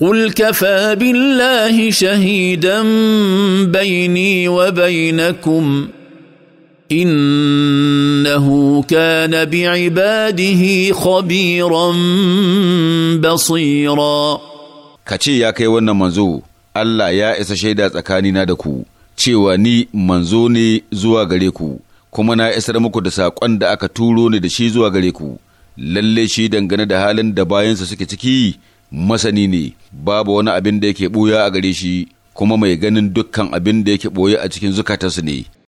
قل كفى بالله شهيدا بيني وبينكم انه كان بعباده خبيرا بصيرا kace ya kai wannan manzo Allah ya isa shaida tsakanina da ku cewa ni manzo ne zuwa gare ku kuma na isar muku da saƙon da aka turo ni da shi zuwa gare ku lalle shi dangane da halin da bayansa suke ciki masani ne babu wani abin da yake ɓuya a gare shi kuma mai ganin dukkan abin da yake ɓoye a cikin zukatarsu ne